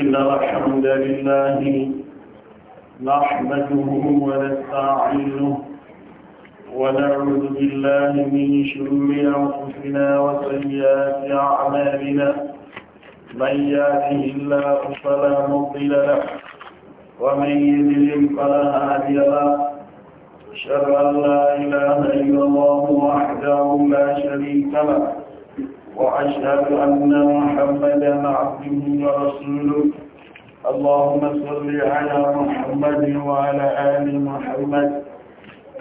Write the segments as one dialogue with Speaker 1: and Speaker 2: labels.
Speaker 1: إن الحمد لله نحمده ونستعينه ونعوذ بالله من شرور أنفسنا وسيئات أعمالنا من يهده الله فلا مضل له ومن يذلل فلا هادي له أشهد أن لا إله إلا الله وحده لا شريك له وأشهد أن محمدا عبده ورسوله اللهم صل على محمد وعلى آل محمد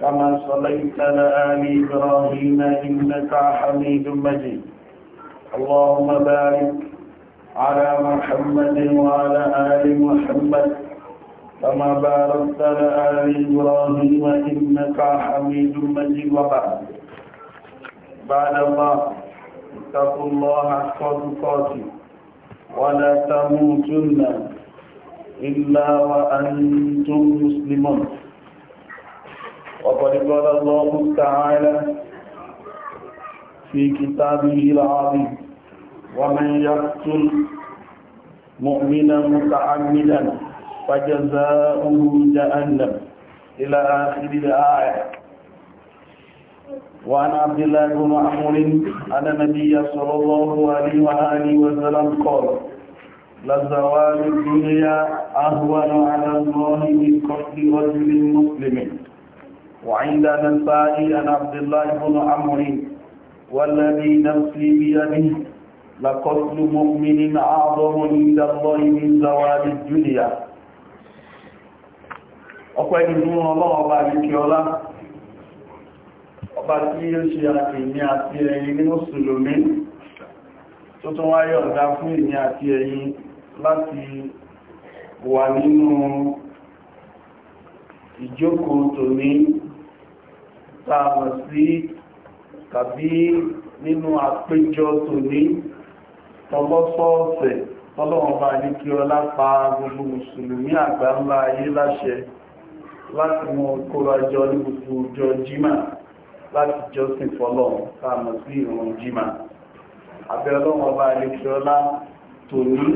Speaker 1: كما صليت لآل إبراهيم إنك حميد مجيد اللهم بارك على محمد وعلى آل محمد كما باركت لآل إبراهيم إنك حميد مجيد وبعد بعد الله اتقوا الله حق تقاته ولا تموتن إلا وأنتم مسلمون وقد قال الله تعالى في كتابه العظيم ومن يقتل مؤمنا متعمدا فجزاؤه جهنم إلى آخر الآية وعن عبد الله بن عمر أن النبي صلى الله عليه وآله وسلم قال لزوال الدنيا أهون على الله من قتل رجل مسلم وعند نسائي عن عبد الله بن عمرو والذي نفسي بيده لقتل مؤمن أعظم عند الله من زوال الدنيا ọpẹ́ nínú ọlọ́wọ́ ọba àríkẹ́ ọlá ọba tí ó ṣe àtìní àti ẹ̀yin ní mùsùlùmí tó tún wáyé ọ̀dá fún ìní àti ẹ̀yin láti wà nínú ìjókòó tòní tààmà sí tàbí nínú àpéjọ tòní tọlọ́sọ́ọ̀sẹ̀ tọ́lọ́wọ́n bá ní kí ọlá pa gbogbo mùsùlùmí àgbáńlá ayé láṣẹ láti mọ kórajọ ní gbogbo ọjọ́ jímà láti jọ́sìn fọ́lọ́run tààmà sí ìrun jímà abẹ́ ọlọ́wọ́n bá ní kí ọlá tòní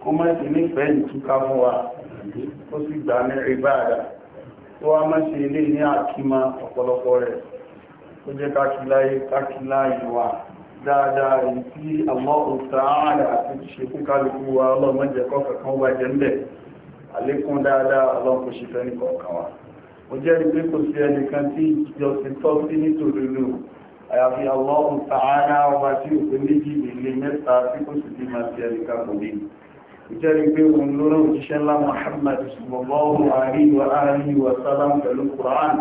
Speaker 1: kó mọ́ sí nífẹ̀ẹ́ ìtúká fún wa tó wá má ṣe ilé ní àkímá ọ̀pọ̀lọpọ̀ rẹ̀ tó jẹ́ kákìláyé kákìláyé wà dáadáa èyí tí àwọn òsàárà àti ṣe fún kálukú wa ọlọ́mọ́jẹ́ kọ́kọ̀kan wà jẹ́ ńbẹ̀ àlékún dáadáa ọlọ́pọ̀ ìjẹ́rí pé òun lórí òjíṣẹ́ ńlá Muhammad sallallahu alaihi wa alihi wa sallam pẹ̀lú Qur'an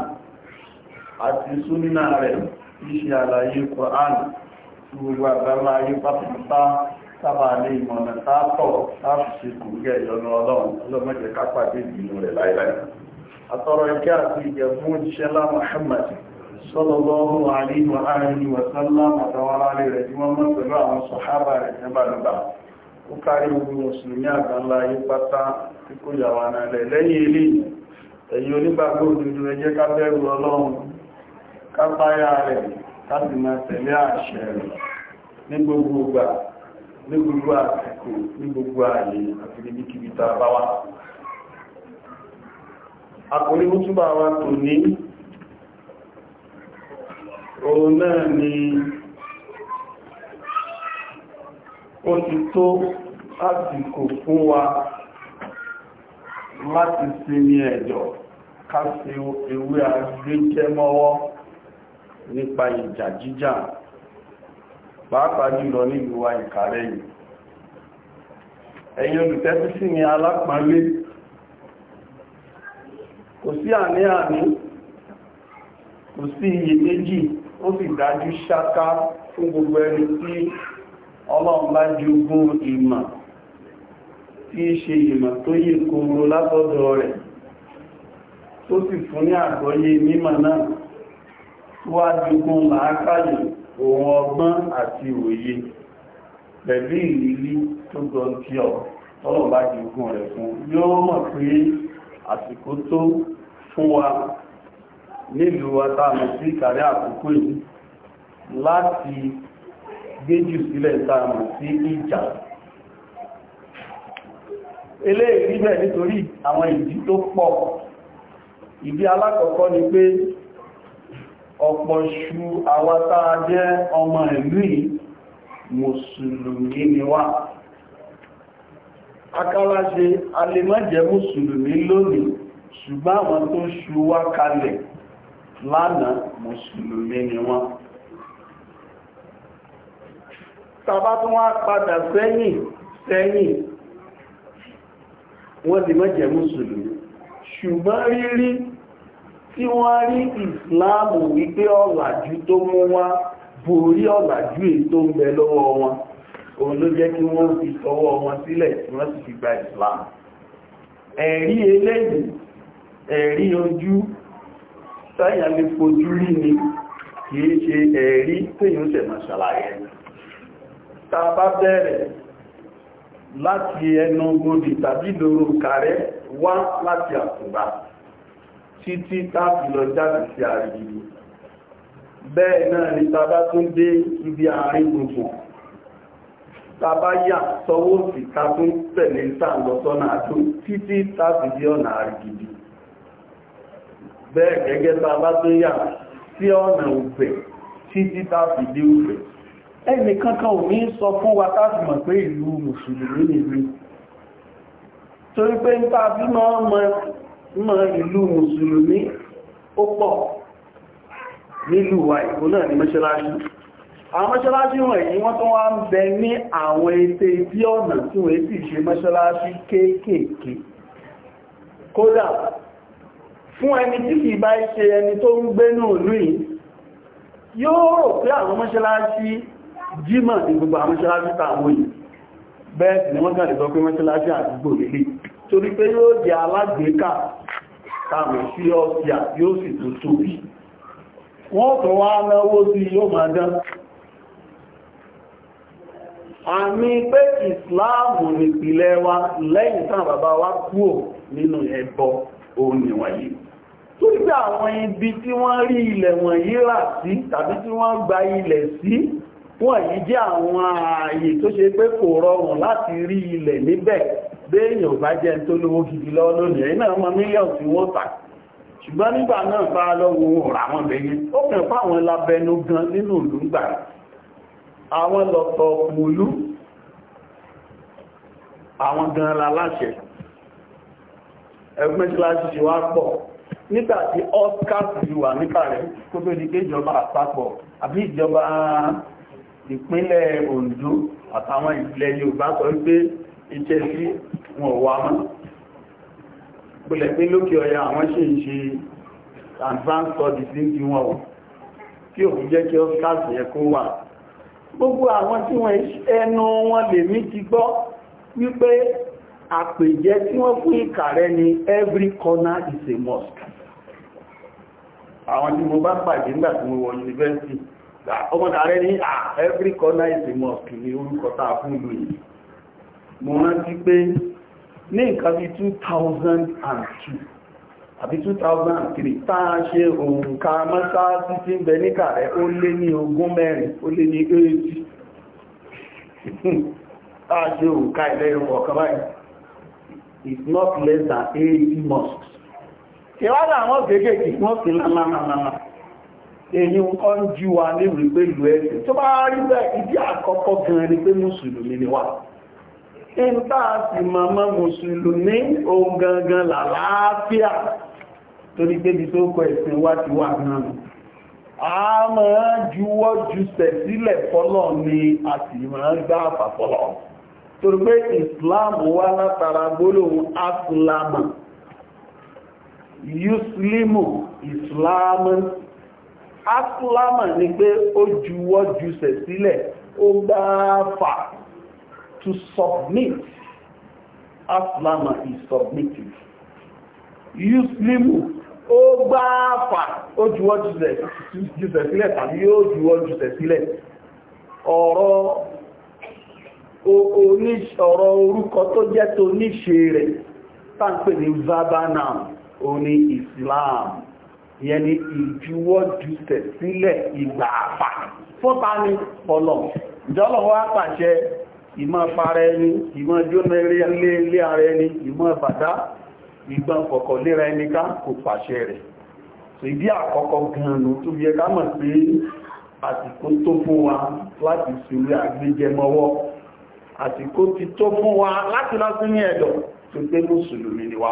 Speaker 1: àti súnínà rẹ̀ iṣẹ́ àlàyé Qur'an tí gbogbo àgbàlá ayé pápátá sábà ní ìmọ̀nà tààtọ̀ láti ṣe kò gẹ́ ìyọnu ọlọ́run ọlọ́mọdé kápàdé ìlú rẹ̀ láìláì àtọrọ ìkẹ́ àti ìjẹ̀fún òjíṣẹ́ ńlá Muhammad sallallahu alaihi wa alihi wa sallam àtàwọn ará rẹ̀ tí wọ́n mọ́ pẹ̀lú àwọn sọ̀hábà rẹ̀ nígbàdúgbà ó kárí gbogbo mùsùlùmí àgbàlá ayé pátá tí kò yàwà nàlẹ̀ lẹ́yìn ilé ẹ̀yìn onígbàgbọ́ òdodo ẹjẹ́ ká ọlọ́run ká rẹ̀ ká máa tẹ̀lé àṣẹ rẹ̀ ní gbogbo ìgbà ní gbogbo ní gbogbo ààyè àti níbikíbi ó ti tó àsìkò fún wa láti sí ní ẹ̀jọ̀ ká ewé agbẹ́jẹ́ mọ́wọ́ nípa ìjà jíjà pàápàá jùlọ nílùú wa Ìkàrẹ́ yìí ẹ̀yin olùtẹ́sí ni alápàálé kò sí àní kò sí iyèméjì ó fi dájú ṣáká fún gbogbo ẹni tí ọlọ́run bá jogún ìmọ̀ tí í ṣe ìmọ̀ tó yẹ kòrò látọ́dọ̀ rẹ̀ tó sì fún ní àgbọ́yé mímọ̀ náà wá jogún làákàyè ohun ọgbọ́n àti òye pẹ̀lú ìrírí tó gọntí ọ̀ tọ́lọ̀ bá jogún rẹ̀ fún yóò mọ̀ pé àsìkò tó fún wa nílùú wa táàmù láti géjù sílẹ̀ sáàmù sí ìjà ilé ìrìnlẹ̀ nítorí àwọn ìdí tó pọ̀ ìdí alákọ̀ọ́kọ́ ni pé ọ̀pọ̀ ṣù àwátá jẹ́ ọmọ ìlú mùsùlùmí ni wá akáláṣe alẹ́mọ́jẹ́ mùsùlùmí lónìí ṣùgbọ́n àwọn tó ṣù wá kalẹ̀ lánàá mùsùlùmí ni wọ́n tàbá tún wá padà sẹ́yìn sẹ́yìn wọ́n ti mẹ́jẹ̀ mùsùlùmí ṣùgbọ́n rírí tí wọ́n rí ìsìláàmù wípé ọ̀làjú tó mú wá borí ọ̀làjú ètò ń bẹ lọ́wọ́ wọn òun ló jẹ́ kí wọ́n fi sọwọ́ wọn sílẹ̀ tí wọ́n sì fi gba ìsìláàmù ẹ̀rí lè fojú rí ni kìí ṣe ẹ̀rí téèyàn ṣẹ̀ máa ṣàlàyé ẹni tá bá bẹ̀rẹ̀ láti ẹnu gbòdì tàbí lóró kàrẹ́ wá láti àtùgbà títí táàfi lọ jáde sí àrígidì bẹ́ẹ̀ náà ni tá bá tún dé ibi àárín gbogbo tàbá yà sọwọ́ sí ká tún tẹ̀lé sáàlọ́sọ́nà àtò títí táàfi dé ọ̀nà àrígidì bẹ́ẹ̀ gẹ́gẹ́ tàbá tún yà sí ọ̀nà òfẹ́ títí táàfi dé òfẹ́ ẹni kankan ò ní sọ fún wa táàbì mọ̀ pé ìlú mùsùlùmí lè rí torí pé ń tàbí mọ́ ìlú mùsùlùmí ó pọ̀ nílùú wa ìkó náà ní mọ́ṣáláṣí àwọn mọ́ṣáláṣí wọ̀nyí wọ́n tó wá ń bẹ ní àwọn ètè tí ọ̀nà tí wọ́n sì ṣe mọ́ṣáláṣí kéékèèké kódà fún ẹni tí kìí bá ṣe ẹni tó ń gbé náà lóyìn yóò rò pé àwọn mọ́ṣáláṣí jímọ̀ ní gbogbo àmọ́ṣáláṣí tàwọn yìí bẹ́ẹ̀ sì ni wọ́n kàn lè sọ pé mọ́ṣáláṣí àdúgbò lélé torí pé yóò jẹ́ alágbèéká tàbí sí ọ̀síà yóò sì tó tóbi wọ́n tó wá náwó sí yóò máa dán àmì pé ìsìláàmù nìpìlẹ̀ wa lẹ́yìn tán bàbá wa kúrò nínú ẹbọ òun nìwọ̀nyí tó gbà àwọn ibi tí wọ́n rí ilẹ̀ wọ̀nyí rà sí tàbí tí wọ́n gba ilẹ̀ sí wọ́n yìí jẹ́ àwọn ààyè tó ṣe pé kò rọrùn láti rí ilẹ̀ níbẹ̀ béèyàn bá jẹ́ tó lówó gidi lọ lónìí ẹ̀yìn náà mọ mílíọ̀nù tí wọ́n tà ṣùgbọ́n nígbà náà bá lọ́wọ́ ọ̀rọ̀ àwọn bẹ̀yẹn ó kàn fáwọn labẹnu gan nínú ìlú gbà àwọn lọ́tọ̀ pòlú àwọn gan laláṣẹ ẹgbẹ́ kíláàsì ṣe wá pọ̀ nígbàtí oscar ti wà nípa rẹ̀ kó tó di pé ìjọba àpapọ̀ àbí ìjọba ìpínlẹ̀ Oǹdó àtàwọn ìpínlẹ̀ Yorùbá sọ wípé iṣẹ́ sí wọn wà mọ́ pẹ̀lẹ̀ pé lókè ọya àwọn ṣe ń ṣe advanced studies ní ti wọn ò kí òun jẹ́ kí oscars yẹ kó wà gbogbo àwọn tí wọ́n ẹnu wọn lè mí ti gbọ́ wípé àpèjẹ tí wọ́n fún ìkàrẹ́ ni every corner is a mosque àwọn tí mo bá pàdé nígbà tí mo wọ yunifásitì ọmọdé ààrẹ ní every corner is a mosque ní orúkọ táa fún ìlú yìí mo rántí pé ní nǹkan bí 2002 àbí 2003 táa ṣe òǹkà mọ́sáàsì tí ń bẹ ní kààrẹ ó lé ní ogún mẹ́rin ó lé ní 80 táa ṣe òǹkà ilẹ̀ ìrọ̀ ọ̀kan báyìí is not less than 80 mosques ìwádà àwọn kéékèèké wọ́n fi èyí nǹkan ń jí wa ní ìrìgbé ìlú ẹ̀sìn tó bá rí bẹ́ẹ̀ ìdí àkọ́kọ́ gan ni pé mùsùlùmí ni wà ń táà sì mọ̀mọ́ mùsùlùmí ohun gangan làlàáfíà torí pé bí tó kọ ẹ̀sìn wá ti wà náà a máa juwọ́ jùsẹ̀ sílẹ̀ fọ́lọ̀ ni a sì máa gbá Islam wá látara aslama yuslimu islamu Aslama, ni pé ó juwọ́ jùsẹ̀ sílẹ̀ ó gbá fà to submit aslama is submitting yuslimu ó gbá fà ó juwọ́ jùsẹ̀ sílẹ̀ tàbí yóò juwọ́ jùsẹ̀ sílẹ̀ ọ̀rọ̀ ọ̀rọ̀ orúkọ tó jẹ́ tó níṣe rẹ̀ tàbí ní verbal Now, ó ní islam ìyẹn ni ìjuwọ́jútẹ̀ sílẹ̀ ìgbà àpà fọ́ta ní ọlọ̀ ìjọlọ́wọ́ àpàṣẹ ìmọ̀ para ẹni ìmọ̀ jóná ilé ara ẹni ìmọ̀ bàdá ìgbọ́n kọ̀kọ̀ léra ẹni ká kò pàṣẹ rẹ̀ ìdí àkọ́kọ́ gan-an tó yẹ ká mọ̀ pé wa láti ṣúrí àgbéjẹmọwọ́ àsìkò ti tó fún wa láti mùsùlùmí ni wa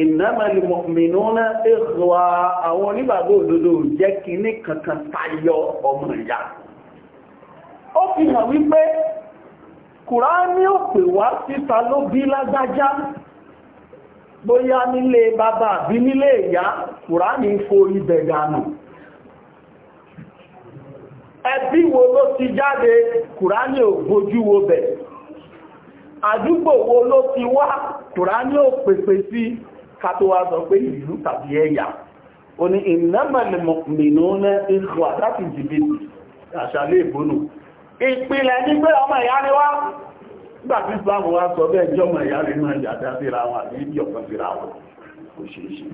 Speaker 1: innamal mu'minuna ikhwa àwọn onígbàgbọ́ òdodo jẹ́ kìíní kankan tayọ ọmọ ìyá ó fi hàn wípé kùránì ò pè wá síta ló bí lágbájá bóyá nílé bàbá àbí nílé ìyá kùránì fo ibẹ̀ dànù ẹbí wo ló ti jáde kùránì ò bojú wo àdúgbò wo ló ti wá kùránì ò pèpè sí ká tó sọ pé ìlú tàbí ẹ̀yà o ní innamal mu'minuna ikhwa láti jìbìtì àṣàlẹ̀ ìbónú ìpìlẹ̀ ní pé ọmọ ìyá ni wá gbàtí islam wá sọ bẹ́ẹ̀ jọmọ ìyá rí náà yàtá síra wọn àti ibi ọ̀kan síra wọn kò ṣe ṣe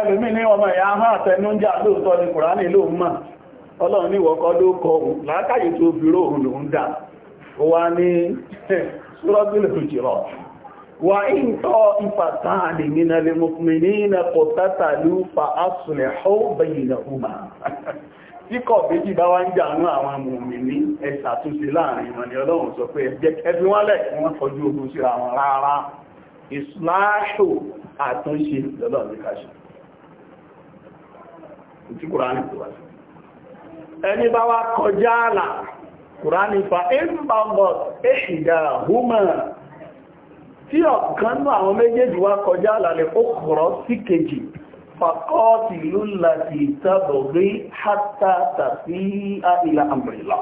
Speaker 1: ẹlòmí ní ọmọ ìyá hàn àtẹnújà lóòtọ́ ni kùránì ló mọ̀ ọlọ́run ní ìwọ̀kọ́ ló kọ òun tó وإن طائفتان من المؤمنين اقتتلوا فأصلحوا بينهما Tíkọ̀ méjì bá wá ń jà ní àwọn amòmìnì ẹ ṣàtúnṣe láàrin ìmọ̀ ni Ọlọ́run sọ pé ẹgbẹ́ ẹbí wọ́n lẹ̀ kọjú ogun síra wọn rárá. Ìsìláṣò àtúnṣe lọ́lọ́ tí ọ̀kan náà àwọn méjèèjì wá kọjá àlàlẹ̀ ó kọ̀rọ̀ sí kejì fàkọ́ọ̀tì ló láti tàbọ̀gbé hátà tàbí àìlà àmìlà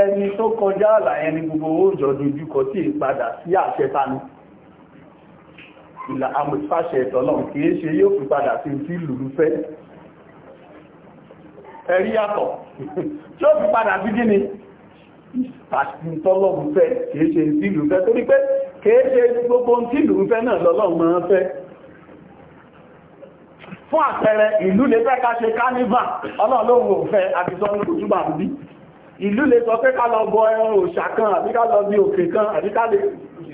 Speaker 1: ẹni tó kọjá àlà ẹni gbogbo òjò dojúkọ tí ìpadà sí àṣẹ tani ìlà àmìfàṣẹ ìtọ́lọ̀ kìí ṣe yóò fi padà sí sí lùlú ẹ̀rí yàtọ̀ tí ó fi padà sí gíní ìtọ́lọ̀ fẹ́ kìí ṣe sí lùlú fẹ́ kéèṣe gbogbo tí ìlú ń fẹ́ náà lọ́lọ́run máa ń fẹ́ fún àpẹẹrẹ ìlú lè fẹ́ ká ṣe kánífà ọlọ́lọ́run ò fẹ́ àbìsọ́nù túbà bí ìlú lè sọ pé ká lọ bọ ẹran òṣà kan àbí ká lọ bí òkè kan àbí ká lè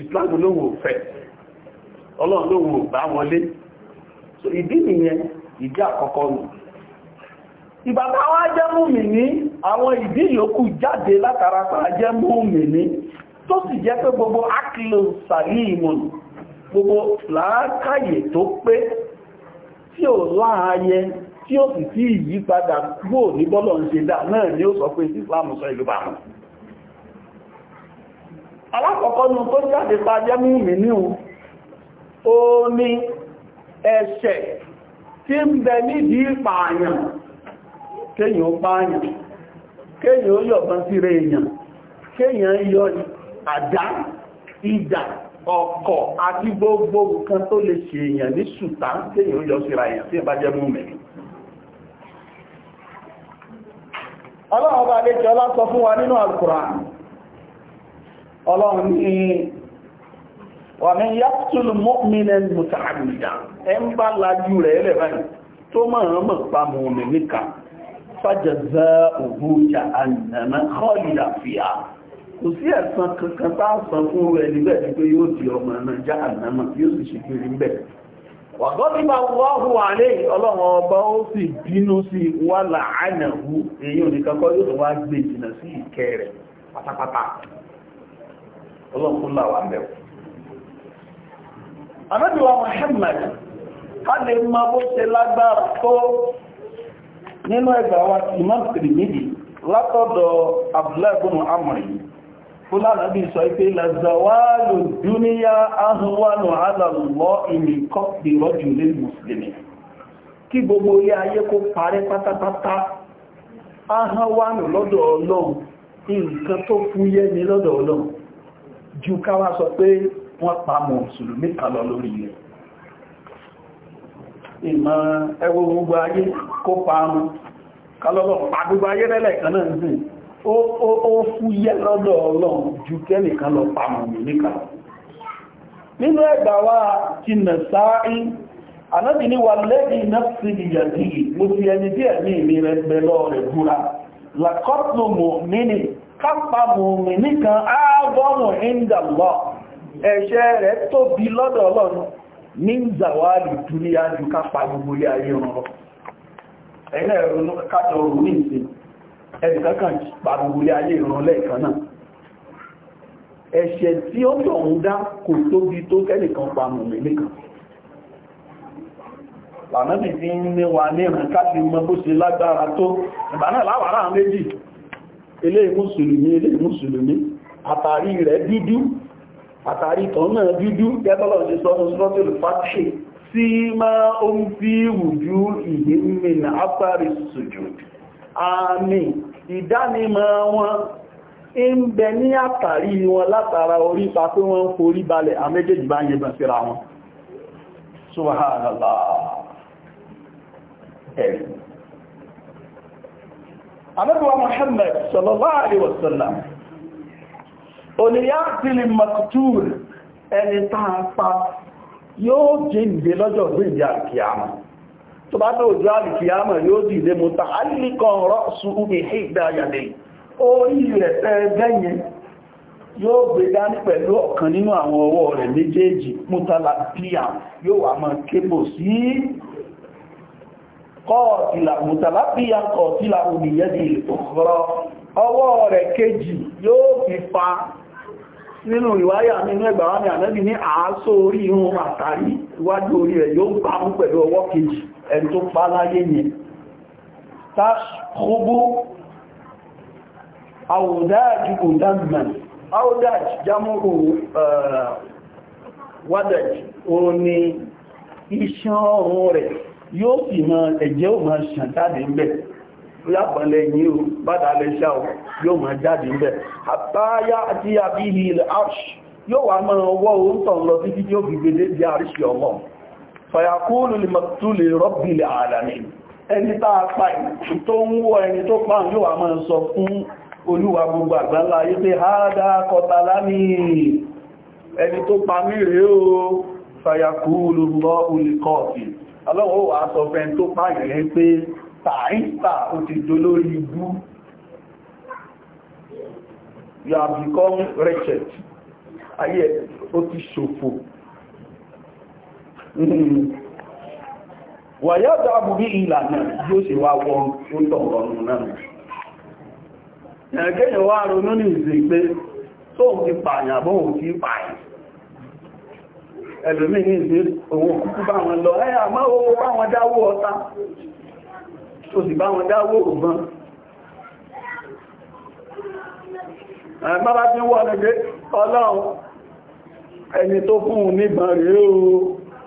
Speaker 1: Islam lóhun ò fẹ́ ọlọ́run lóhun ò bá wọlé so ìdí nìyẹn ìdí àkọ́kọ́ nù ìbàbá wa jẹ́ múmi ní àwọn ìdí yòókù jáde látara pa jẹ́ múmi ní tó sì jẹ́ pé gbogbo akílò gbogbo làákàyè tó pé tí ò láàáyẹ tí ó sì tí ìyípadà gbò ní bọ́lọ̀ ń ṣe dá náà ni ó sọ pé ìsìláàmù sọ ìlú bàmù alákọ̀ọ́kọ́ tó jáde pa jẹ́mú mi ó ní ẹ̀ṣẹ̀ tí ń bẹ nídìí àdá ìdà ọkọ̀ àti gbogbo nǹkan tó lè ṣe èèyàn ní ṣùtá tí èèyàn yọ síra èèyàn tí ìbá jẹ́ múmẹ̀ ọlọ́run bá lè jọ lásọ fún wa nínú Al-Qur'an ọlọ́run ní wà ní yàtùlù mọ́mílẹ̀ mùtàmìdà ẹ ń bá lájú rẹ̀ lẹ̀ báyìí tó máa mọ̀ pa mọ̀mí níka fàjẹ̀zẹ́ òhun jà ànàmẹ́ kọ́lìdà fìyà kò sí ẹ̀sán kankan fún rẹ̀ níbẹ̀ tí pé di ọmọ náà já ànámà yóò sì ṣe kiri ń bẹ̀. wàgọ́ ní bá wọ́hù ọlọ́run ọba ó sì bínú sí wà láàánàwú èyí òníkan kọ́ yóò wá gbé jìnnà sí ìkẹ́ rẹ̀ pátápátá ọlọ́run mẹ́wọ̀. Muhammad fúlànàbí sọ pé lẹ́zàwálò dúníyà ahùnwánù alàlọ́ ìmìkọ́ ìrọ́jù lè mùsùlùmí kí gbogbo ilé ayé kó parẹ́ pátápátá ahùnwánù lọ́dọ̀ ọlọ́run nǹkan tó fúyẹ́ ní lọ́dọ̀ ọlọ́run ju káwá sọ pé wọ́n pa mùsùlùmí kalọ lórí ilẹ̀ ìmọ̀ ẹwọ gbogbo ayé kó pa mú kalọ́lọ́ pàdúgbò ayé rẹ̀lẹ̀ kan náà ó fúyẹ́ lọ́dọ̀ ọlọ́run ju kẹ́nìkan lọ pàmù nìkan nínú ẹgbà wá ti nà sáàí anábì ni wà lẹ́bí náfsí ìyàdí mo fi ẹni díẹ̀ ní ìmì rẹ̀ gbẹ̀lọ rẹ̀ búra lakọ́tùmù ìndàlọ́ rẹ̀ tóbi lọ́dọ̀ ọlọ́run ní ayé rọrọ ẹnìkankan pàdùgbùlé ayé ìrànlẹ́ ìkan náà ẹ̀ṣẹ̀ tí ó tọ̀ ń dá kò tóbi tó kẹ́nìkan pa mùmí nìkan lànàbì tí ń ní wa ní ìrìn káàkiri mọ bó ṣe lágbára tó ìgbà náà láwàrá méjì eléyìí mùsùlùmí eléyìí mùsùlùmí àtàrí rẹ̀ dúdú àtàrí tọ́ náà dúdú gẹ́gọ́lọ̀ ṣe sọ fún sọ́tìlù fàtíṣì sí máa ó ń fi wùjú ìdí mìíràn ápárí sùjúdù àmì ìdánimọ̀ wọn ń bẹ ní àtàrí wọn látara orí pa pé wọ́n ń forí balẹ̀ àmẹ́jẹ̀jì bá ń yẹgbẹ̀ síra wọn subhanallah ẹ̀rí àbẹ́bíwa Muhammad sallallahu alaihi wasallam oníyàtìlì maktul ẹni tó bá tó ojú alìkìyàmọ̀ yóò dì lé mọ́ta alìkan rọ́ sún umi ìdá yàdé orí rẹ̀ tẹ́ẹ̀gẹ́yìn yóò gbé dání pẹ̀lú ọ̀kan nínú àwọn ọwọ́ rẹ̀ méjèèjì mútàlá píà yóò wà fi fa nínú ìwáyà nínú ẹgbàwámi ànẹ́bì ní àásó orí àtàrí orí ẹni tó pa láyé yẹn tàṣkúbú àwòdáàjì òdàmà àwòdáàjì jámọ́rò wádàjì òun ni iṣan ọrùn rẹ̀ yóò sì máa ẹ̀jẹ̀ ò máa ṣàn jáde ń bẹ̀ lápàlẹ̀ yìí o bádàlẹ̀ ṣá o yóò máa jáde ń bẹ̀ àbáyá àti àbíhì ilẹ̀ arṣ yóò wà máa wọ́ oúntàn lọ títí tí ó fi gbede di àríṣì fàyàkúrù lè mọ̀túlè rọ́bì lè àlàmì ẹni táa pa tó ń wọ ẹni tó pa yóò a máa sọ fún olúwa gbogbo àgbáńlá ayé pé hádá kọtàlá ní ẹni tó pa mí rèé o fàyàkúrù lọ olùkọ́ọ̀tì aláwọ̀ become wretched ayé ó ti wàyá dáàbò bí ìlànà yóò sì wá wọ́n tó tọ̀rọ̀ nù náà ẹ̀kẹ́yẹ̀ wá ronú ní pé tó ti pààyàn bọ́ ti pààyàn ẹ̀lùmí ní owó kúkú bá wọn lọ ẹ̀yà máa owó bá wọn dáwó ọta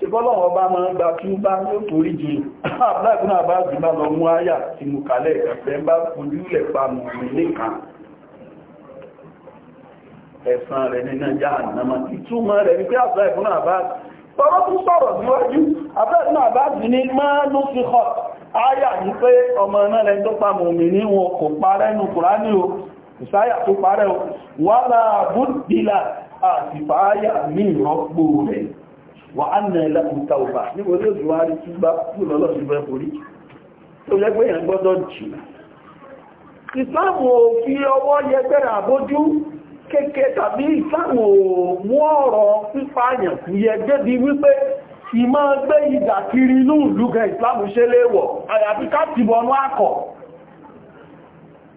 Speaker 1: ṣe bọ́lọ̀wọ́ bá máa ń gba kí ó bá ní ó torí jù àbúláìkún àbá jùlọ lọ mú àyà tí mú kalẹ̀ ẹ̀fẹ́ bá fojúlẹ̀ pa mọ̀ nìkan ẹ̀sàn rẹ̀ nínú yà nàmà ìtumọ̀ rẹ̀ ní pé àbúláìkún àbá tọ́rọ tún sọ̀rọ̀ síwájú àbúláìkún àbá jù ní máa ló náà rẹ̀ ìsáyà tó parẹ́ o wà láàbùdìlà àti fàáyà ní ìrọ́pò rẹ̀ wà á nà ilẹ̀ òkúta òbá níbo ní oṣù wa rí tí gbá kú lọ́lọ́ sí fẹ́ forí tó jẹ́ pé èèyàn gbọ́dọ̀ jìnà ìsáàmù ò fi ọwọ́ yẹgbẹ́rẹ̀ àbójú kéèké tàbí ìsáàmù ò mú ọ̀rọ̀ pípààyàn kú yẹgbẹ́ di wípé ti máa gbé ìdà kiri inú ìlú kan ìsìláàmù ṣe léèwọ̀ àyàfi ká ti bọnú àkọ̀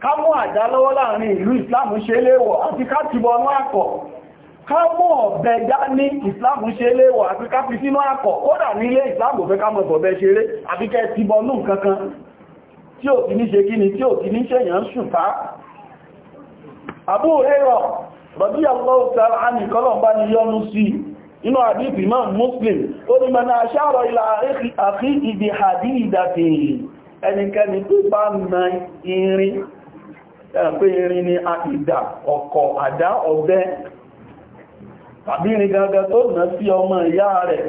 Speaker 1: ká mú àjá lọ́wọ́ láàrin ìlú ìsìláàmù ṣe léèwọ̀ àti ká ti àkọ̀ kámọ̀ ọ̀bẹ dání ìsìláàmù ṣe léwọ̀ àti káfí sínú àkọ̀ kódà nílé ìsìláàmù fẹ́ kámọ̀ ọ̀bẹ ṣeré àti kẹ́ ti bọnú kankan tí ò ti ní ṣe kíni tí ò ti ní ṣèyàn ṣùfá Abu Hurairah radiyallahu ta'ala anhu kọ́lọ̀mbá ni yọ́nú sí inú àdífì máa Muslim ó ní mẹ́nà aṣáàrọ̀ ilá àkí ibi àdí ìdàtì ẹnikẹ́ni tó bá na irin ẹ̀pẹ́ irin ni àìdà ọkọ̀ àdá ọ̀bẹ tàbírin gangan tó nà sí ọmọ ìyá rẹ̀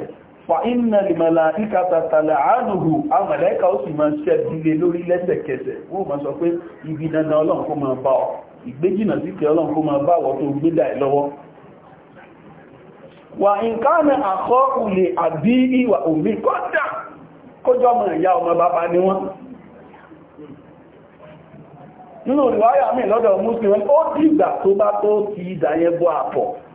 Speaker 1: fa iná ìmọ̀lá ìkàtàtàlẹ̀ àánúhù amọ̀lẹ́kà ó sì máa ṣẹ́ dílé lórí lẹ́sẹ̀kẹsẹ̀ wọ́n ma sọ pé ibi dandan ọlọ́run ma bá ọ ìgbéjìnà sí kẹ ma bá ọ tó lọ́wọ́ wà àkọ́ ulè àbí ìwà omi kọ́dà kójọ́ ọmọ ìyá ọmọ bàbá ni wọ́n nínú ìwáyà mi lọ́dọ̀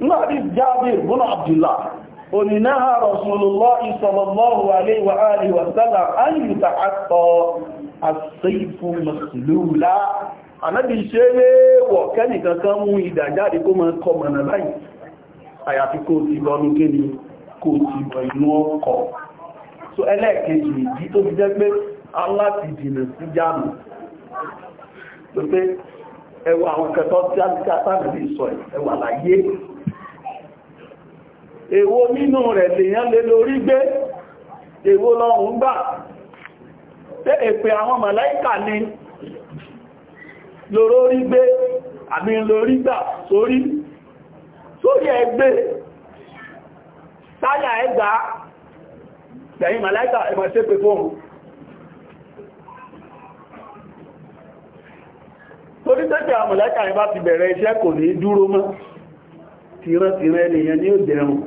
Speaker 1: náàrí Jabir ibn Abdullah oninaha Rasulullah sallallahu alaihi wa alihi wa sallam an yuta'atta as-sayfu maslula ànábì ṣe léèwọ̀ kẹ́nìkan kan mú ìdà jáde kó mọ́ kọ mọ̀nà báyìí àyàfi kó ti lọ́nu kí ni kó ti wọ̀ inú ọkọ̀ so ẹlẹ́ẹ̀kejì ìdí tó fi jẹ́ pé aláti dìnà sí jáàmù tó pé ẹwà àwọn kẹtọ́ tí a ti ká sáàrẹ̀ sọ ẹwà láyé èwo nínú rẹ̀ lèyàn lè lórí gbé èwo lọ́run gbà pé èpè àwọn màláíkà ni lórí gbé àbí lórí gbà sórí sórí ẹgbẹ́ táyà ẹgbà tẹ̀yìn màláíkà ẹmọ̀ sí pé fóòmù torí tẹ́kẹ̀ àmàláíkà ẹbá ti bẹ̀rẹ̀ iṣẹ́ kò ní dúró mọ́ tìrántìrán ènìyàn ní ò jẹun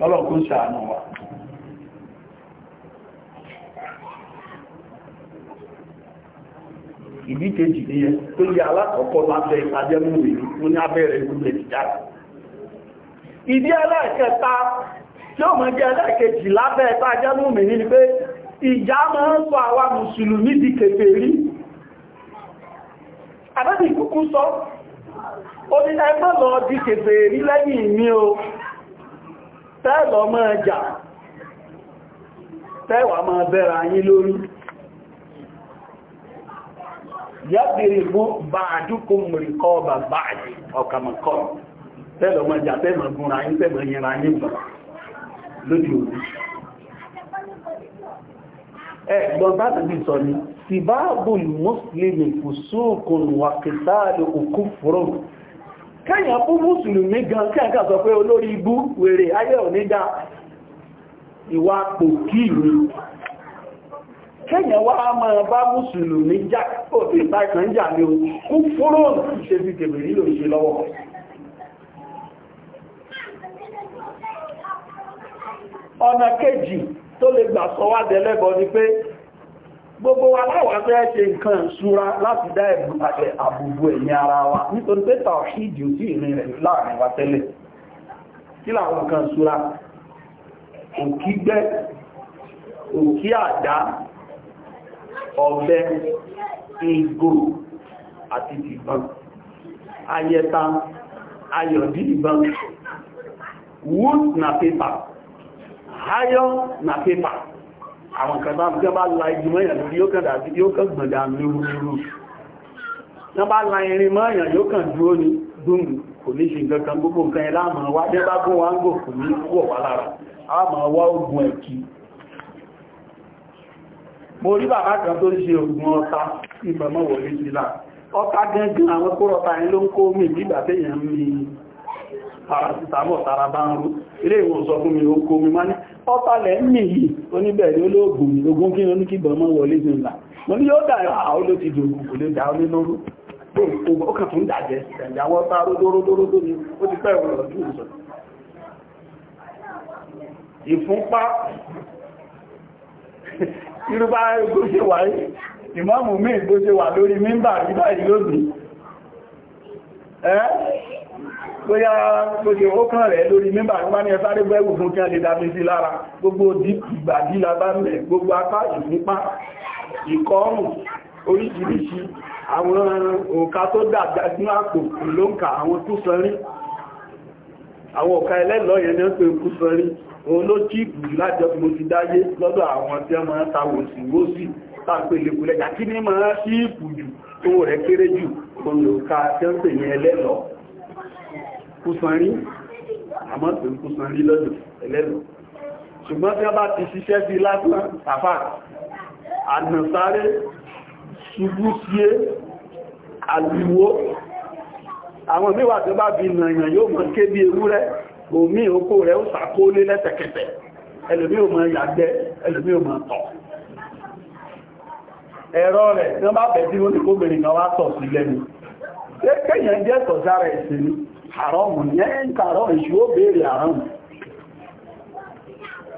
Speaker 1: lọ́lọ́kún ṣàánú wa ìdí kejì ní ẹ tó yẹ alákọ̀ọ́kọ́ lábẹ́ ìpàdẹ́mù ìlú fún ní abẹ́rẹ̀ ìgbùlẹ̀ ìjára ìdí ẹlẹ́ẹ̀kẹta tí ó mọ̀ jẹ́ ẹlẹ́ẹ̀kejì lábẹ́ ìpàdẹ́mù ìlú ni pé ìjà máa ń sọ àwa mùsùlùmí di kèfèrí àbẹ́bì di kèfèrí lẹ́yìn mi tẹ́lọ máa jà tẹ́wà máa bẹ̀rẹ̀ ayé lórí yábìrì mú bá àdúkù mìíríkọ́ bà báyìí ọkàmọ̀kọ́ tẹ́lọ máa jà tẹ́mọ̀ gúnra ayé tẹ́mọ̀ yẹra ayé bà lójú òní ẹ̀gbọ́n bá tàbí sọ ni kẹ́yàn bú mùsùlùmí gan kẹ́ẹ̀kà sọ pé olórí ibú wèrè ayé onídá ìwà pòkí ìlú kẹ́yàn wá máa bá mùsùlùmí já òfin ìtàkàn jà ní o kú fúrò ṣe fi nílò ìṣe lọ́wọ́ ọ̀nà kejì tó lè gbà gbogbo wa láwà fẹ́ ṣe nǹkan ìṣúra láti dá ẹ̀bùn àti àbùbù ẹ̀yìn ara wa nítorí pé tàwíìdì ò tí ìrìn rẹ̀ láàrin wa tẹ́lẹ̀ kí làwọn nǹkan ìṣúra òkí gbẹ́ òkí àdá ọ̀bẹ ìgò àti ìbọn ayẹta ayọ̀dí ìbọn wood na paper
Speaker 2: iron na
Speaker 1: paper àwọn kẹta jẹ́ bá la igi mọ́yàn lórí yóò kàn dàbí yóò kàn gbọ̀ndà lórúurú tán bá la irin mọ́yàn yóò kàn dúró ní dùn kò ní ṣe nǹkan kan gbogbo nǹkan ẹ̀ láàmà wá jẹ́ bá gún wá ń gò kò ní wọ̀ wá lára àmà wá ogun ẹ̀kí mo rí bàbá kan tó ṣe ogun ọta ìbẹ̀mọ̀ wọlé sí láà ọta gẹ́gẹ́ àwọn kó rọta ẹ̀ ló ní ọ́tàlẹ̀ mì yìí oníbẹ̀rẹ̀ olóògùn ní kí ní wọlé sí ńlá mo ni yóò dáyọ̀ àwọn ah, ló ti dògùn kò lè dá ọ nínú ó tó tún dàjẹ́ ìyàwó ó
Speaker 2: ti pẹ́
Speaker 1: bóyá gbogbo ọkàn rẹ̀ lórí mímbà ní wá ní ẹsáré bẹ́ẹ̀wù fún kí a lè dábí sí lára gbogbo ìgbàdí labámẹ̀ gbogbo apá ìfúnpá ìkọrùn oríṣiríṣi àwọn òǹkà tó dàgbà nínú àpò ló ń ka àwọn kúsọrí àwọn òǹkà ẹlẹ́lọ́yẹ̀ ní pé kúsọrí òun ló chíìpù jù láti ọkùn mo ti dáyé lọ́dọ̀ àwọn tí wọ́n máa ń ta wòsì wòsì tàbí ìlẹ̀kùnlẹ̀ kí ní máa chíìpù jù tó rẹ̀ kéré jù òun lòǹkà tí wọ́n pè ní ẹlẹ́lọ́ọ̀
Speaker 2: kú sanrí àmọ́ tó
Speaker 1: ń kú sanrí lọ́dọ̀ ẹlẹ́lọ́ ṣùgbọ́n tí wọ́n bá ti ṣiṣẹ́ sí lásán tàfà ànàsáré ṣubú síé àlúwó àwọn míwà tó bá bí nàyàn yóò mọ́ ké bí ewúrẹ́ òmí okó rẹ̀ ó sàkólé lẹ́tẹ̀kẹtẹ̀ ẹlòmí ò mọ́ yàgbẹ́ ẹlòmí ò mọ́ tọ̀ ẹ̀rọ rẹ̀ tí wọ́n bá bẹ̀ tí wọ́n ní kóbìnrin kan wá tọ̀ sí lẹ́nu kéèyàn jẹ́ àrọ́mù ní ẹ́ǹkà àrọ́ ìṣù ó béèrè àrọ́mù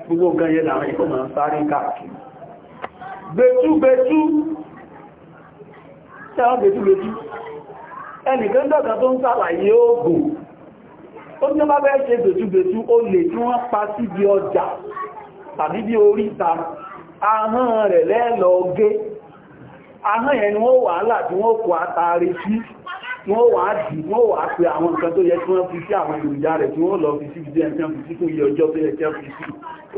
Speaker 1: gbogbo nǹkan yẹ láwọn ikọ̀ máa ń sáré káàkiri gbẹ̀túgbẹ̀tú tẹ́wọ́n gbẹ̀túgbẹ̀tú ẹnìkan dọ̀kan tó ń sàlàyé oògùn ó ní ọmọ bẹ́ẹ̀ ṣe gbẹ̀túgbẹ̀tú ó lè tí wọ́n pa síbi ọjà tàbí bí oríta ahọ́n rẹ̀ lẹ́lọ́gé ahọ́n yẹn ni wọ́n wàhálà tí wọ́n kò àtàrí sí wọ́n wà á dì wọ́n wà á pe àwọn nǹkan tó yẹ kí wọ́n fi sí àwọn èròjà rẹ̀ tí wọ́n lọ fi sí ìdí ẹ̀kan fi sí fún iye ọjọ́ tó yẹ kí wọ́n
Speaker 2: fi sí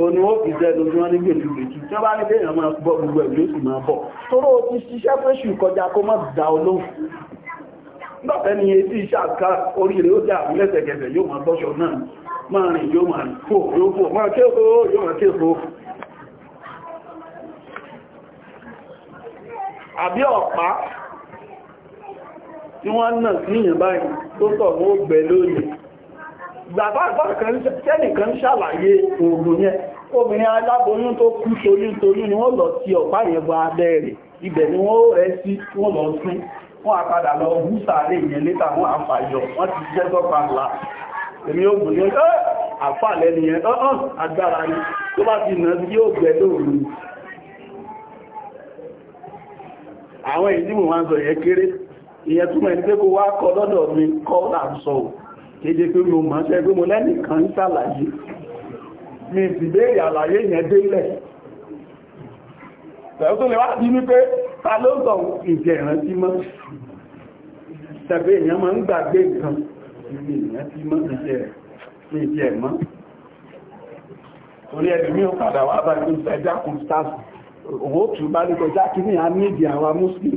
Speaker 2: òní wọ́n fi sẹ́ lójú wọn ní
Speaker 1: gbèdúgbèdú tí wọ́n bá ní bẹ́ẹ̀ máa bọ́ gbogbo ẹ̀ ló sì máa bọ̀ tóró o ti ṣiṣẹ́ fẹ́ṣù kọjá kó má da olóhùn àbí ọ̀pá tí wọ́n náà sí ìyàn báyìí tó tọ̀ mú ògbẹ̀ lónìí bàbá kan ṣàlàyé oògùn yẹn obìnrin aláboyún tó kú toyún toyún ni wọ́n lọ ti ọ̀pá yẹn bọ abẹ́ rẹ̀ ibẹ̀ ni wọ́n rẹ̀ sí wọ́n lọ sún wọ́n àpadà lọ hú sàárè yẹn létà wọ́n àfàyọ wọ́n ti jẹ́ sọ́pàá ńlá èmi oògùn yẹn ẹ́ àfà lẹ́nu yẹn ọ́n agbára ni tó bá ti nà sí yóò gbẹ lóòrùn àwọn ìdí mò máa ń sọ ìyẹn túnmọ̀ ẹni pé kó wá kọ lọ́dọ̀ mi kọ́ làṣọ kéde pé mo máa ṣe pé mo lẹ́nìkan ń ṣàlàyé mi sì béèrè àlàyé yẹn délẹ̀ tẹ̀wọ́ tó lè wá sí wípé ta ló sọ ìjẹ̀ ìrántí mọ́ tẹ̀bẹ̀ èèyàn máa ń gbàgbé nǹkan ìrántí mọ́ ìjẹ̀ mọ́ torí ẹlùmí ó padà wá bá ìgbésẹ̀ jákùn stars òun ó tún bá ní kọjá kí ní a nídìí àwa muslim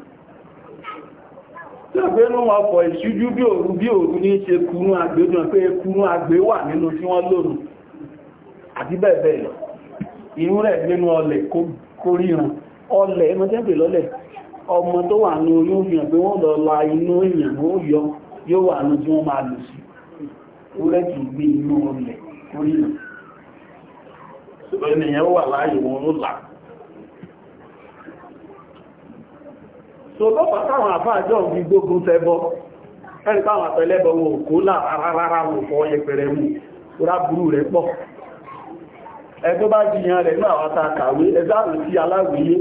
Speaker 1: lóun ọkọ̀ ìṣújú bí òru bí òru ní ṣe kúrú àgbé jùn pé kúrú àgbé wà nínú tí wọ́n lónù àti bẹ́ẹ̀ bẹ́ẹ̀ lọ inú rẹ̀ nínú ọlẹ̀ kó ríran ọlẹ̀ ẹmọ lọ́lẹ̀ ọmọ tó wà ní orí pé wọ́n lọ la inú èèyàn ó yọ yóò wà ní tí wọ́n máa lò sí ó rẹ̀kì gbé inú so lọ́pàá táwọn àfáàjọ́ òbí gbógun tẹ́bọ́ ẹni táwọn àpẹlẹ́bọ̀ wọn kó láàrárára wọn fọ́ yẹpẹrẹ mú rá burú rẹ̀ pọ̀ ẹgbẹ́ bá jiyàn rẹ̀ ní àwọn ta kàwé ẹzáàrùn sí aláwìyé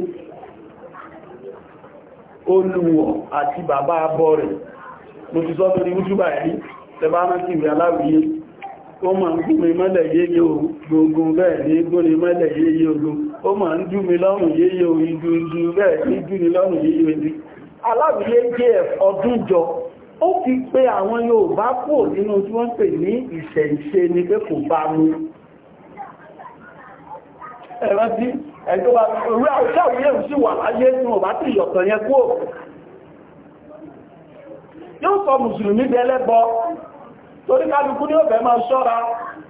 Speaker 1: olùwọ̀ àti bàbá abọ́ rẹ̀ mo ti sọ lórí wújúbà ẹ̀rí tẹbá rántí ó ma ń gún mi mọ́lẹ̀ yéye ogun bẹ́ẹ̀ ní gún mi mọ́lẹ̀ yéye ogun ó ma ń dún mi lọ́rùn yéye ojú bẹ́ẹ̀ ní dún mi lọ́rùn yéye ojú alábìyé jf ọdún jọ ó fi pé àwọn Yorùbá kò nínú tí wọ́n pè ní ìṣẹ̀ṣe ni pé kò bá mú ẹ̀rántí ẹ̀jọba orí àwùjọ yẹn sì wà láyé tí wọ́n bá ti yọ̀tọ̀ yẹn kúrò yóò sọ mùsùlùmí dẹlẹ́bọ torí kálukú ní òfẹ́ máa ṣọ́ra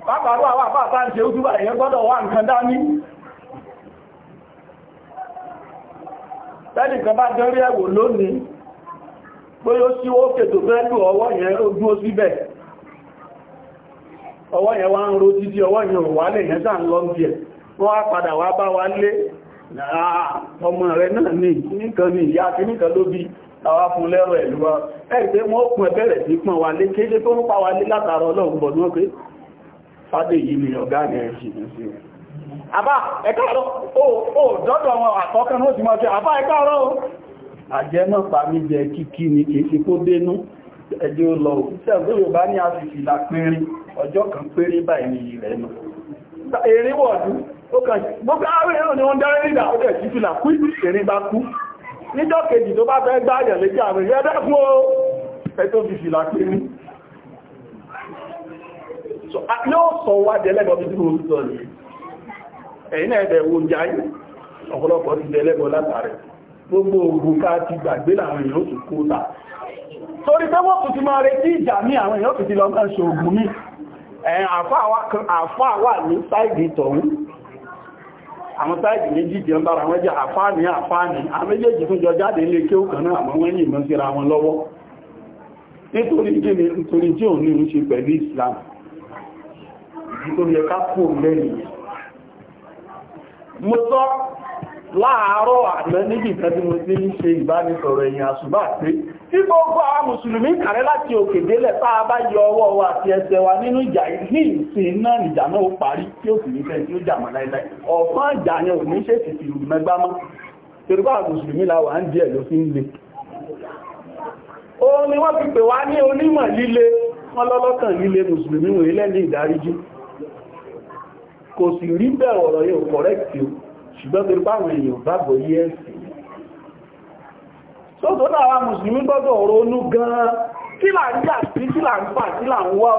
Speaker 1: pápárú àwọn àpáta ń ṣe ojúbà èyẹ gbọ́dọ̀ wà nǹkan dání tẹ́nìkan bá dẹ́rí ẹ̀wò lónìí pé ó sí ó kètò fẹ́ ọwọ́ yẹn ó dúó síbẹ̀ ọwọ́ yẹn wá ń ro títí ọwọ́ yẹn wà lè yẹn sáà ń lọ bí ẹ̀ wọ́n padà wá bá wa lé ọmọ rẹ̀ náà ní àwọn afúnlẹ́rọ ìlú wa ẹgbẹ́ wọn kún ẹbẹ̀rẹ̀ sí pọ̀n wà lé kéde tó ń pa wà lé látàrọ ọlọ́run bọ̀ ní òkè fádé yìí ni ọ̀gá ní ẹ̀ṣìn sí àbá àbá ni kan péré báyìí ilẹ̀ èrè ó kàn gbogbo àwẹ̀ ni wọ́n nígbà ó sí fìlà kú bá kú níjọ́ kejì tó bá fẹ́ gbáyàn lè jẹ́ àmì ẹ̀dẹ́ fún ó ẹ̀tọ́ fi fìlà pé ní yóò sọ wá dẹ̀lẹ́gbọ́ bí mo sọ ní ẹ̀yìn ẹ̀dẹ̀ wo jáyé ọ̀pọ̀lọpọ̀ ti dẹ̀lẹ́gbọ́ látàrí gbogbo ogun ká ti gbàgbé láàrin yóò tún kó ti máa retí ìjà ní àwọn èèyàn tún ti lọ ń ṣe àwọn táìdì méjì jẹ́ ń bára wọn jẹ́ àfáàní àfáàní àméjèèjì tún jọ jáde ilé kí ó kàn náà àmọ́ wọ́n yìnbọn síra wọn lọ́wọ́ nítorí kí ni nítorí òun ní pẹ̀lú Islam nítorí ẹ̀ká lẹ́yìn tí gbogbo àwọn mùsùlùmí kàrẹ́ láti òkè délẹ̀ tá a bá yọ ọwọ́ wa àti ẹsẹ̀ wa nínú ìjà ní ìsìn náà ìjà náà ó parí tí ó sì nífẹ̀ẹ́ tí ó jà mọ́ láíláí ọ̀fán ìjà yẹn ò ní ṣèṣì ti rù mẹ́gbá mọ́ torí ni wọ́n fi pè wá ní onímọ̀ líle wọ́n lọ́lọ́kàn líle mùsùlùmí wọ́n ilẹ̀ ní ìdáríjú kò sì rí èèyàn bá gbọ́ yí ẹ̀sì sótò náà wá mùsùlùmí gbọ́dọ̀ ronú gan-an kí là ń yà sí kí là ń fà kí là ń wá o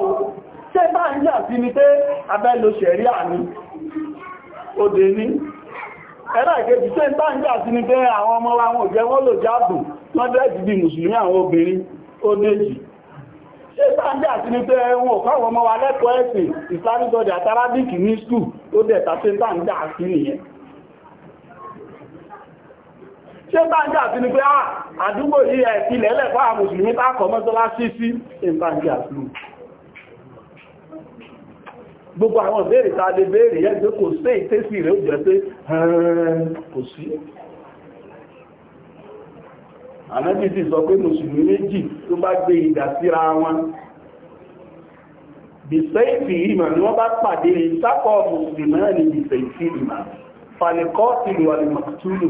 Speaker 1: ṣé bá ń sí ni pé abẹ́lo ṣẹ̀rí àní òdè ní ẹ̀rọ ìkejì ṣé bá ń yà sí ni pé àwọn ọmọ wa wọn jẹ́ wọ́n lò jáàbù wọ́n dẹ́ẹ̀dì bí mùsùlùmí ni Islamic skul ṣé báńjà sí ni pé ah, àdúgbò yìí ẹ̀ ilẹ̀ ẹlẹ̀ fáwọn mùsùlùmí tá kọ́ mọ́sálásí sí ìbáńjà sí gbogbo àwọn ìbéèrè tá lè béèrè yẹn tó kò sí ìtésì rẹ̀ ó jẹ́ pé kò sí ànábì sì sọ pé bìsẹ́ ìfì ìmọ̀ ni wọ́n bá pàdé ìsákọ̀ mùsùlùmí ni bìsẹ́ ìfì ìmọ̀ fàlẹ̀kọ́ ìlú alìmọ̀túrù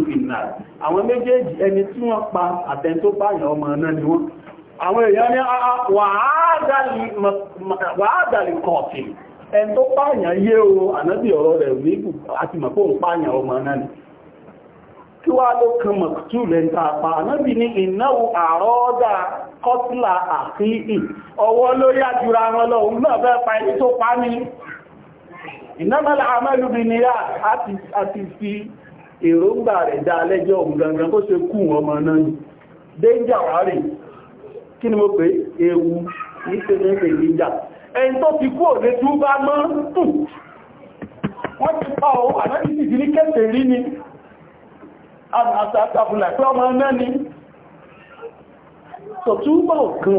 Speaker 1: àwọn méjèèjì ẹni tí wọ́n pa àtẹn tó báyàn ọmọ náà ni wọ́n àwọn èèyàn ní ah, ah, wàádàlì kọ̀ọ̀tì ẹn tó pààyàn yé o ànábì ọ̀rọ̀ rẹ̀ nígbù àti mọ̀pọ̀ ìnámàlà àmàlùbí ni a ti fi èròǹgbà rẹ̀ dá lẹ́jọ́ òun gangan kó ṣe kú ọmọ náà ni dẹ́jà wà rí kí ni mo ewu ní ṣẹ́lẹ́ṣẹ́ ìdíjà ẹni tó ti kú òde tí ó bá mọ́ tù wọ́n ti pa ní kẹsẹ̀ rí ni àtàkùnlà pé ọmọ náà ni tọ̀túbọ̀ kan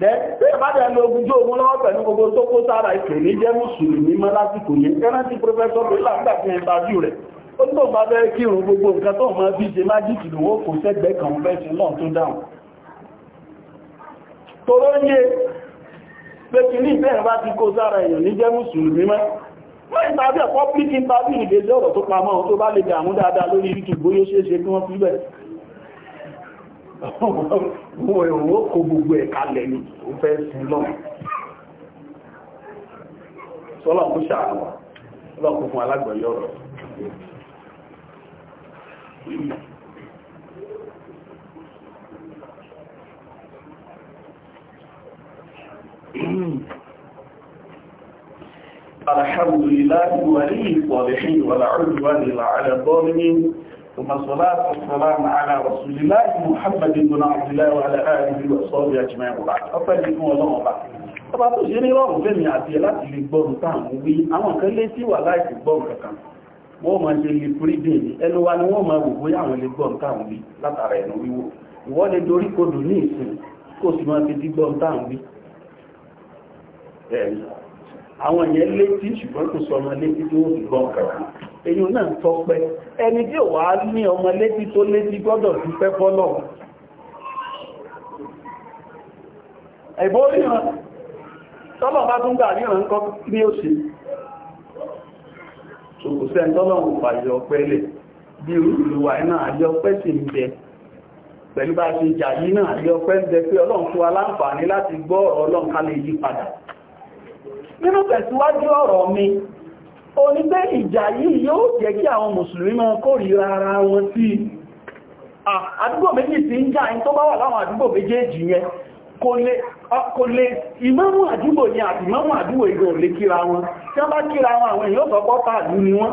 Speaker 1: Bẹ́ẹ̀bádẹ̀ lọ ogúnjó ogun lọ́wọ́ pẹ̀lú gbogbo tó kó sára ìpè ní jẹ́ Mùsùlùmí mọ́ lásìkò yẹn. Kẹ́rántí Prọfẹ́sọ́ Bílá ń gbà fún ẹ̀ntàjú rẹ̀. Ó tó bá bẹ́ẹ̀ kírun gbogbo nǹkan tó máa bí ṣe májíkì lówó kò sẹ́gbẹ́ kan fẹ́ sí náà tó dáhùn. Toró ń yé pé kí ní ìbẹ̀rẹ̀ bá ti kó sára èèyàn ní jẹ́ Mùsùlùmí mọ́. Mọ́ ìtàbí ẹ̀kọ́ pílíkì ń tàbí ìdèjì ọ̀rọ̀ tó pamọ́ tó bá lè dàmú dáadáa lórí YouTube bóyó ṣeéṣe kí wọ́n ẹ̀wọ́ kó gbogbo ẹ̀ka lẹ́nu ó fẹ́ sí lọ́nà sọ́lọ́kú ṣàánà lọ́kù fún alágbẹ̀lẹ́ ọ̀rọ̀ الحمد لله ولي الصالحين ولا عدوان على الظالمين ثم الصلاة والسلام على رسول الله محمد بن عبد الله وعلى آله وصحبه أجمعين وبعد أفلكم الله وبعد ọba tó ṣe ní rọrùn fẹ́mi àti ẹ láti lè gbọ́rùn táàmù wí àwọn nǹkan lé sí wà láìsí gbọ́rùn kankan wọ́n máa ṣe lè fúrí dè ní ẹnu wa ni wọ́n máa wò bóyá àwọn lè gbọ́rùn táàmù wí látara ẹ̀nu wíwò ìwọ́n lè dorí kodò ní ìsìn kó sì máa fi dígbọ́rùn táàmù wí àwọn yẹn létí ṣùgbọ́n kò sọ ọmọ létí tí wọ́n fi gbọ́rùn kankan èyí náà tọpẹ ẹni tí ò wá ní ọmọ létí tó létí gbọ́dọ̀ sí pẹ́ fọ́lọ̀ ẹ̀bọ́ ríran tọ́lọ̀ bá tún gbà ríran ń kọ́ ní òṣì ṣòkòsẹ́ tọ́lọ̀wọ̀n pàyọ̀ pẹ́lẹ̀ bí olùwà iná àyọ́ pẹ́ sì ń bẹ pẹ̀lú bá ṣe jà yí mi ó ní pé ìjà yìí yóò jẹ́ kí àwọn mùsùlùmí máa kórìíra ara wọn sí àdúgbò méjì tí ń jà ní tó bá wà láwọn àdúgbò méjèèjì yẹn kò lè ìmámù àdúgbò ni àti ìmámù àdúgbò ìgbò lè kíra wọn tí wọ́n bá kíra wọn àwọn èèyàn sọ pọ́tà ìlú ni wọ́n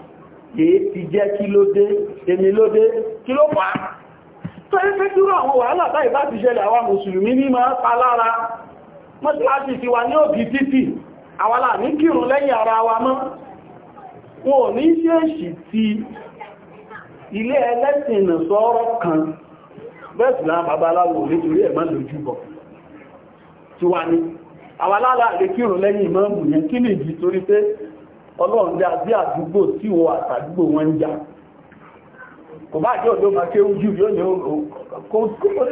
Speaker 1: kìí ti jẹ́ kí ló dé èmi ló dé kí ló pa tó yí pé dúró àwọn wàhálà táì bá ti ṣẹlẹ̀ àwọn mùsùlùmí ní máa pa lára mọ́síláṣì ti wà ní òbí títì àwàlà ní kírun lẹ́yìn ara wa mọ́ wọn ò ní ṣèṣì ti ilé ẹlẹ́sìn sọ́rọ̀ kan bẹ́ẹ̀sì láà babaláwo ọlọ́run dá bí àdúgbò tí wọ́n àtàdúgbò wọn ń jà kò bá jẹ́ òdó ma kéwú jù yóò ní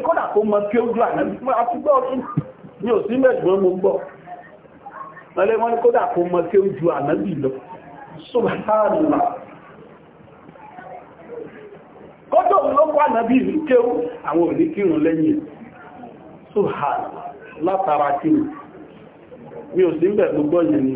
Speaker 1: kódà kó mọ kéwú jù àná àtúgbọ́ ní òsí mẹ́jùmọ́ mo gbọ́ ọlẹ́ wọ́n ní kódà kó mọ kéwú jù àná bì lọ sọ́bàtàrìmà kódà òun ló kó àná bì ní kéwú àwọn òní kírun lẹ́yìn sọ́hà látara kírun mi ò sí mẹ́ gbogbo yẹn ni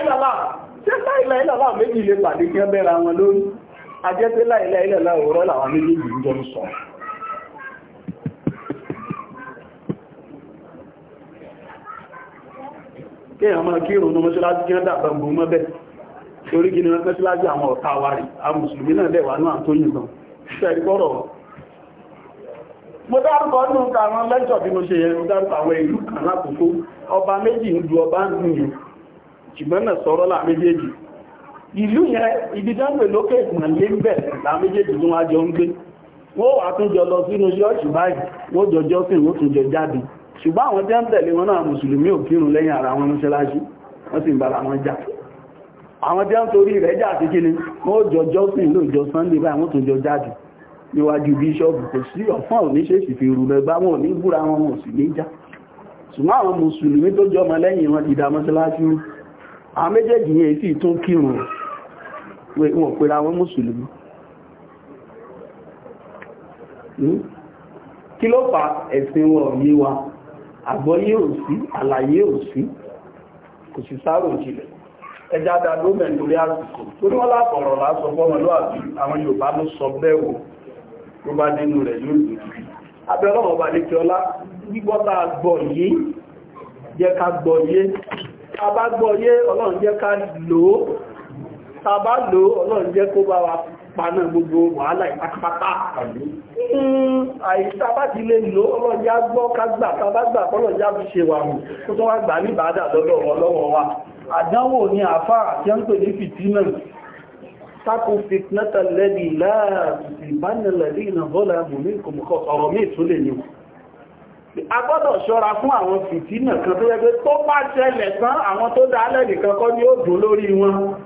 Speaker 1: aláwọ̀ méjì lè pàdé kí wọ́n bẹ́ra wọn lórí ajẹ́pẹ́ láìlẹ́ ilẹ̀ láòrọ́ làwọn méjì ń jọ sọ
Speaker 2: kí èèyàn máa kí ìrùn mọ́ṣáláṣí kí
Speaker 1: torí kí ni àwọn ka àwọn bí mo ṣe yẹ mo àwọn ìlú kan ọba méjì ń ọba ń yìí ṣùgbọ́n náà ìlú yẹn ibi dánwò lókè ìpànlé ń bẹ̀ láméjèèjì tó wájọ ń gbé wọ́n wà tún jọ lọ sínú ṣọ́ọ̀ṣì báyìí wọ́n jọ jọ́sìn wọ́n tún jọ jáde ṣùgbọ́n àwọn tẹ́ ń tẹ̀lé wọn náà mùsùlùmí ò kírun lẹ́yìn ara wọn mọ́ṣáláṣí wọ́n sì ń bára wọn jà àwọn tẹ́ ń torí rẹ̀ jà sí kíni wọ́n jọ jọ́sìn lóòjọ́ sunday báyìí wọ́n tún jọ jáde níwájú bíṣọ́ọ̀bù kò sí ọ̀fán òníṣèṣì fi rú lẹ́gbá wọn ní búra wọn wọn sì ní já ṣùgbọ́n àwọn mùsùlùmí tó jọmọ lẹ́yìn wọn ti dá mọ́ṣáláṣí àwọn méjèèjì yẹn sì tún kírun wọ́n pèrà wọn mùsùlùmí hmm? kí ló fa ẹ̀sìn wọn yé wa àgbọ́yé ò sí àlàyé ò sí kò sì sáró jìlẹ̀ ẹja dàdó mẹ́lórí àsìkò tó ní wọ́n lápọ̀rọ̀ lásọ fọ́mọ̀ lóàbí àwọn Yorùbá ló sọ bẹ́ẹ̀wò tó bá nínú rẹ̀ yóò dùn abẹ́rọ̀ ọba lè kí ọlá gbígbọ́ta gbọ́yé jẹ́ ká gbọ́yé abágbọ́yé Ọlọ́run jẹ́ ká lòó tàbá lò ọlọ́run jẹ́ kó bá wa paná gbogbo wàhálà ìpátápátá àìsá hmm, bá ti lè lò ọlọ́run já gbọ́ ká gbà tàbá gbà ọlọ́run já fi ṣe wà mù kó tó wá gbà ní lọ́dọ̀ ọlọ́wọ́ wa àdánwò ni àfá àti ń pè ní fìtínà tako fitnata lẹ́bi láàbìbánilẹ̀lẹ́ ìnàbọ́lá mùmí kò mú ọ̀rọ̀ mí ìtúlẹ̀ ni a gbọ́dọ̀ ṣọ́ra fún àwọn fìtínà kan tó yẹ pé tó bá ṣẹlẹ̀ tán àwọn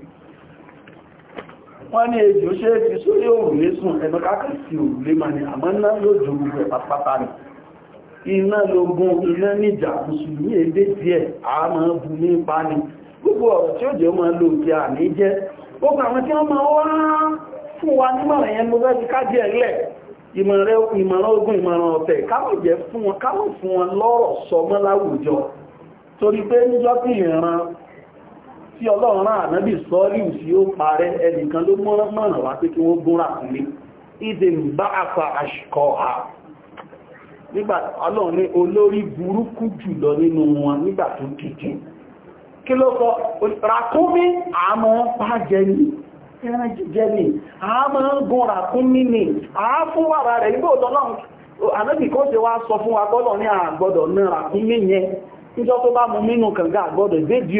Speaker 1: wọ́n ní èjì ó ṣe é ti sórí òrùlé sùn ẹ̀mọ́ káàkiri sí òrùlé ma ní àmọ́ náà yóò jò gbogbo ẹ̀ pátápátá ni iná lógún iná níjà mùsùlùmí èdè díẹ̀ àmọ́ bù ní ipa ni gbogbo ọ̀rọ̀ tí ó jẹ́ ọmọ lò kí à ní jẹ́ gbogbo àwọn tí wọ́n máa wá fún wa nímọ̀ràn yẹn mo fẹ́ fi kájí ẹ̀ lẹ̀ ìmọ̀ràn ogun ìmọ̀ràn ọ̀tẹ̀ káwọn jẹ́ fún wọn káwọn fún wọn lọ́rọ̀ sọmọ́ láwùjọ torí tí ọlọ́run rán ànábì sọ́ọ́lù sí ó parẹ́ ẹnìkan ló mọ́rán wá pé kí wọ́n gúnra kùnlé ìdè ń bá àfà àṣìkọ́ ha nígbà ọlọ́run ní olórí burúkú jùlọ nínú wọn nígbà tó dìde kí ló sọ ràkúnmí àmọ́ pàjẹ́ ni ẹran jíjẹ ni àmọ́ gún ràkúnmí wa gbọ́dọ̀ ní àgbọ́dọ̀ náà ràkúnmí yẹn níjọ́ tó bá mú nínú kànga àgbọ́dọ̀ ìgbédi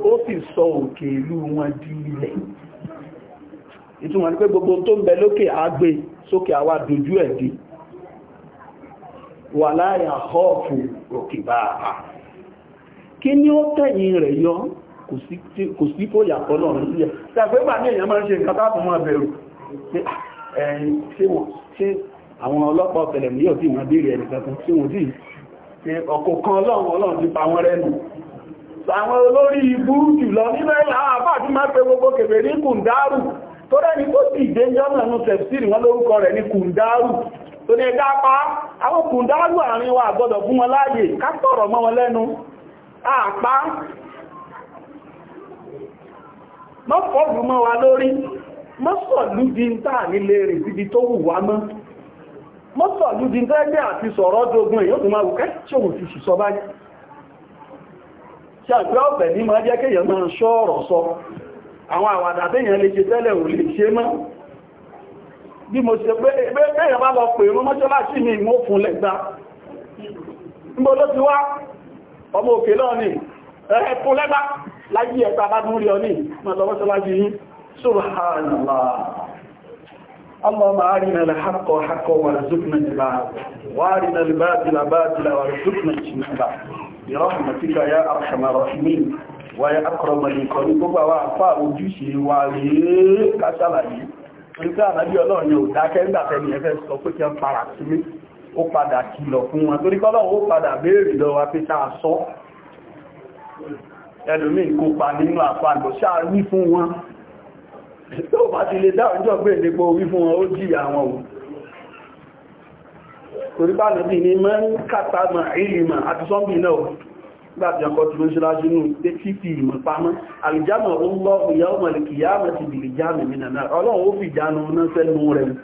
Speaker 1: ó sì sọ òkè ìlú wọn di ilẹ̀ ìtumọ̀ ní pé gbogbo tó ń bẹ lókè àgbé sókè àwa dojú ẹ̀ dé wà láyà họ́ọ̀fù òkè bá a kí ni ó tẹ̀yìn rẹ̀ yọ kò sí kó yàtọ̀ náà ní ilẹ̀ ṣàgbégbà ní èèyàn máa ń ṣe nǹkan táàbù ah, máa bẹ̀rù ṣe ọkọ̀ kan ọlọ́run ọlọ́run ti pa wọ́n rẹ́nu àwọn olórí ibú jùlọ nínú ẹ̀lá àbáàdí máa pẹ gbogbo kèfè ní kùndárù tó rẹni tó sì ìdéjọ́ náà nù tẹ̀síìrì wọn lórúkọ rẹ̀ ní kùndárù tó ní ẹgbá pa àwọn kùndárù àárín wa gbọ́dọ̀ fún wọn láàyè mọ́ wọn lẹ́nu mọ́sọ̀lú di ń tẹ́gbẹ́ àti sọ̀rọ̀ èyí ó tún máa kẹ́ ṣàgbé ọ̀bẹ̀ ní máa jẹ́ kéèyàn máa ṣọ́ ọ̀rọ̀ sọ àwọn àwàdà téèyàn lè ṣe tẹ́lẹ̀ ò lè ṣe mọ́ bí mo ṣe pé èèyàn bá lọ pè rún mọ́ṣáláṣí mi mú fún lẹ́gbà níbo ló ti wá ọmọ òkè náà ni ẹ̀ẹ̀kún lẹ́gbà láyé ọ برحمتك يا أرحم الراحمين wáyé akọrọmọlẹ́kọ́ ní gbogbo àwọn àfá ojúṣe wa rèé kásàlàyé nígbà ànábí ọlọ́run ni ò dákẹ́ ńgbàfẹ́ ni ẹfẹ́ sọ pé kí wọ́n para sí mi ó padà kìlọ̀ fún wọn torí kọ́lọ́run ó padà béèrè lọ wa pé tá a sọ ẹlòmíì kópa nínú àfá àgbò ṣáà wí fún wọn tó bá ti lè dáhùn jọ gbé ìdípo wí fún wọn ó jìyà wọn ò torí bá nìbí ní mọ́ ń kàtà mọ̀ ìlìmọ̀ àti sọ́mbì náà gbàtí ọkọ̀ tí ó ṣe lájú ní pé títí ìmọ̀ pamọ́ àlìjámọ̀ ó ń lọ ìyá ọmọ ìkìyà mọ̀ ti bìlì jáàmì mi nàná ọlọ́run ó fi ìjánu náà sẹ́nu rẹ̀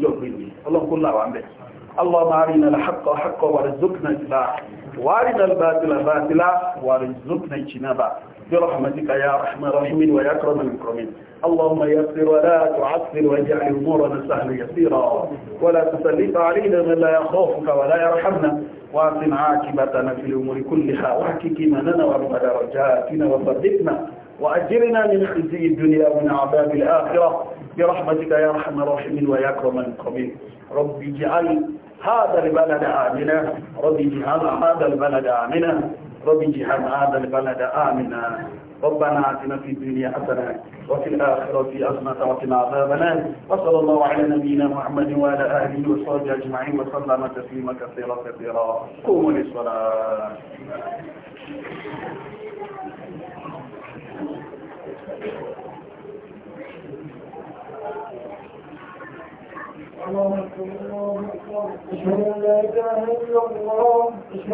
Speaker 1: tó fi الحق حقا وارزقنا اتباعه وارنا الباطل باطلا وارزقنا اجتنابه برحمتك يا أرحم الراحمين ويا أكرم المكرمين اللهم يسر ولا تعسر واجعل أمورنا سهلا يسيرا ولا تسلط علينا من لا يخافك ولا يرحمنا واصن عاقبتنا في الأمور كلها واحكك إيماننا وارفع درجاتنا وصدقنا وأجرنا من خزي الدنيا ومن عذاب الآخرة برحمتك يا أرحم الراحمين ويا أكرم المكرمين رب اجعل هذا البلد آمنا رب اجعل هذا البلد آمنا رب اجعل هذا البلد آمنا ربنا آتنا في الدنيا حسنة وفي الآخرة في أزمة وقنا عذاب النار وصلى الله على نبينا محمد وعلى آله وصحبه أجمعين وسلم تسليما كثيرا كثيرا قوموا للصلاة
Speaker 2: اللهم صل على محمد ان اله